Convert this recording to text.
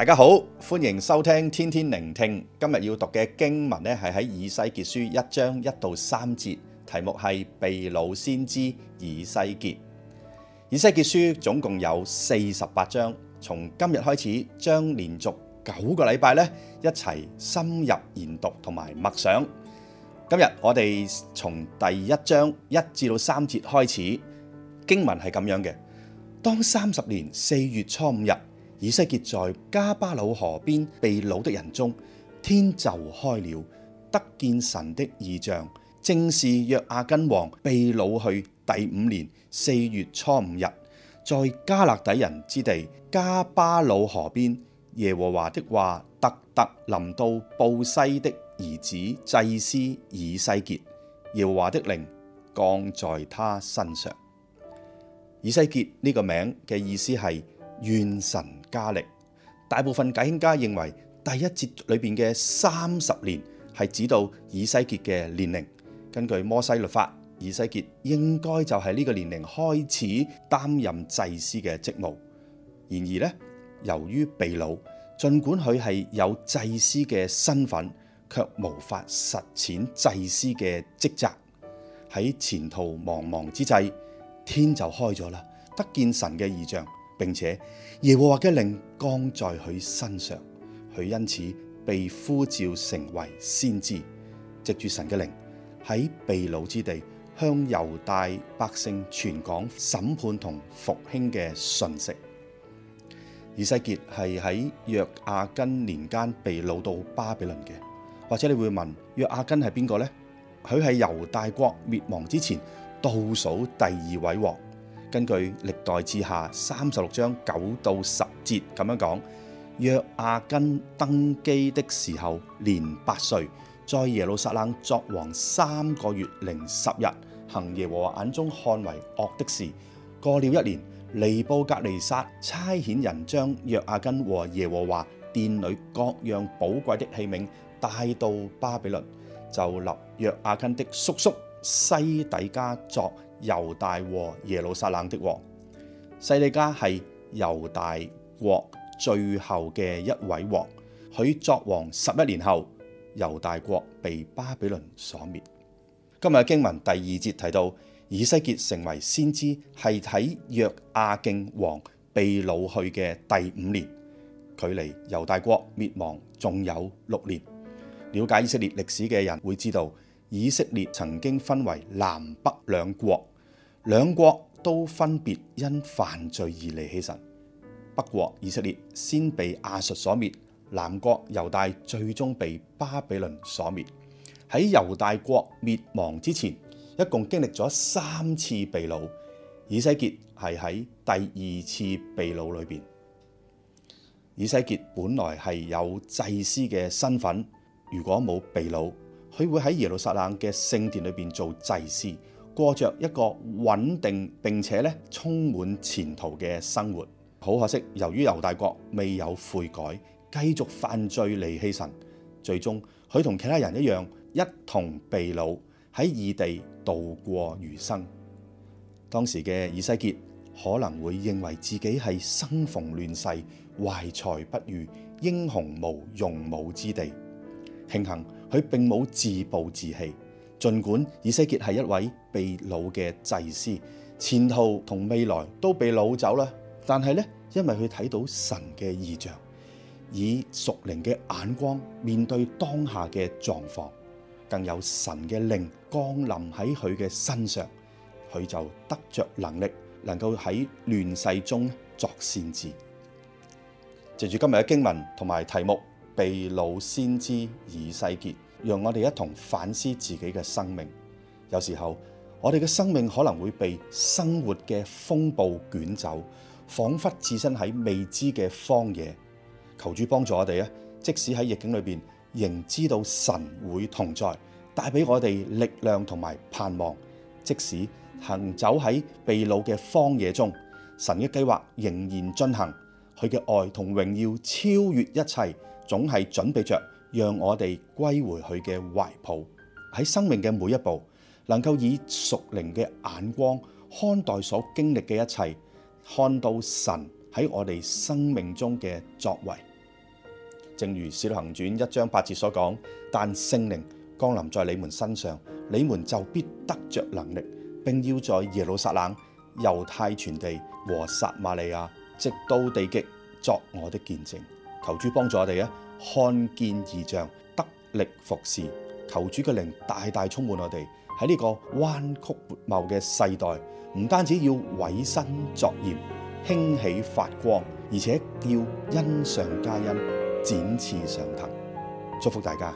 大家好，歡迎收聽天天靈聽。今日要讀嘅經文呢，係喺以西結書一章一到三節，題目係被擄先知以西結。以西結書總共有四十八章，從今日開始將連續九個禮拜呢，一齊深入研讀同埋默想。今日我哋從第一章一至到三節開始，經文係咁樣嘅：當三十年四月初五日。以西結在迦巴魯河邊被擄的人中，天就開了，得見神的異象。正是約雅斤王被擄去第五年四月初五日，在迦勒底人之地迦巴魯河邊，耶和華的話特特臨到布西的兒子祭司以西結，耶和華的靈降在他身上。以西結呢個名嘅意思係。願神加力，大部分解經家認為第一節裏邊嘅三十年係指到以西結嘅年齡。根據摩西律法，以西結應該就係呢個年齡開始擔任祭司嘅職務。然而呢，由於被擄，盡管佢係有祭司嘅身份，卻無法實踐祭司嘅職責。喺前途茫茫之際，天就開咗啦，得見神嘅異象。並且耶和華嘅靈降在佢身上，佢因此被呼召成為先知，藉住神嘅靈喺被擄之地向猶大百姓傳講審判同復興嘅訊息。而以西結係喺約雅斤年間被擄到巴比倫嘅，或者你會問約雅斤係邊個呢？佢係猶大國滅亡之前倒數第二位王。根據歷代志下三十六章九到十節咁樣講，約雅斤登基的時候年八歲，在耶路撒冷作王三個月零十日，行耶和華眼中看為惡的事。過了一年，尼布甲尼撒差遣人將約雅斤和耶和華殿裏各樣寶貴的器皿帶到巴比倫，就立約雅斤的叔叔。西底家作猶大和耶路撒冷的王，西底家係猶大國最後嘅一位王。佢作王十一年後，猶大國被巴比倫所滅。今日經文第二節提到，以西結成為先知係喺約雅斤王被擄去嘅第五年，距離猶大國滅亡仲有六年。了解以色列歷史嘅人會知道。以色列曾經分為南北兩國，兩國都分別因犯罪而離棄神。北國以色列先被亞述所滅，南國猶大最終被巴比倫所滅。喺猶大國滅亡之前，一共經歷咗三次被擄，以西結係喺第二次被擄裏邊。以西結本來係有祭司嘅身份，如果冇被擄，佢會喺耶路撒冷嘅聖殿裏邊做祭司，過着一個穩定並且咧充滿前途嘅生活。好可惜，由於猶大國未有悔改，繼續犯罪離棄神，最終佢同其他人一樣一同被擄，喺異地度過餘生。當時嘅以西結可能會認為自己係生逢亂世，懷才不遇，英雄無用武之地。慶幸。佢並冇自暴自棄，儘管以西結係一位被擄嘅祭司，前途同未來都被擄走啦。但係呢，因為佢睇到神嘅異象，以屬靈嘅眼光面對當下嘅狀況，更有神嘅靈降臨喺佢嘅身上，佢就得着能力，能夠喺亂世中作先知。藉住今日嘅經文同埋題目，被擄先知以西結，讓我哋一同反思自己嘅生命。有時候，我哋嘅生命可能會被生活嘅風暴捲走，仿佛置身喺未知嘅荒野。求主幫助我哋啊！即使喺逆境裏邊，仍知道神會同在，帶俾我哋力量同埋盼望。即使行走喺被擄嘅荒野中，神嘅計劃仍然進行。佢嘅愛同榮耀超越一切，總係準備着讓我哋歸回佢嘅懷抱。喺生命嘅每一步，能夠以屬靈嘅眼光看待所經歷嘅一切，看到神喺我哋生命中嘅作為。正如《使徒行傳》一章八節所講，但聖靈降臨在你們身上，你們就必得着能力，並要在耶路撒冷、猶太全地和撒瑪利亞，直到地極，作我的見證。求主幫助我哋啊，看見異象，得力服事，求主嘅靈大大充滿我哋。喺呢個彎曲悖謬嘅世代，唔單止要委身作鹽，興起發光，而且要恩上加恩，展翅上騰。祝福大家。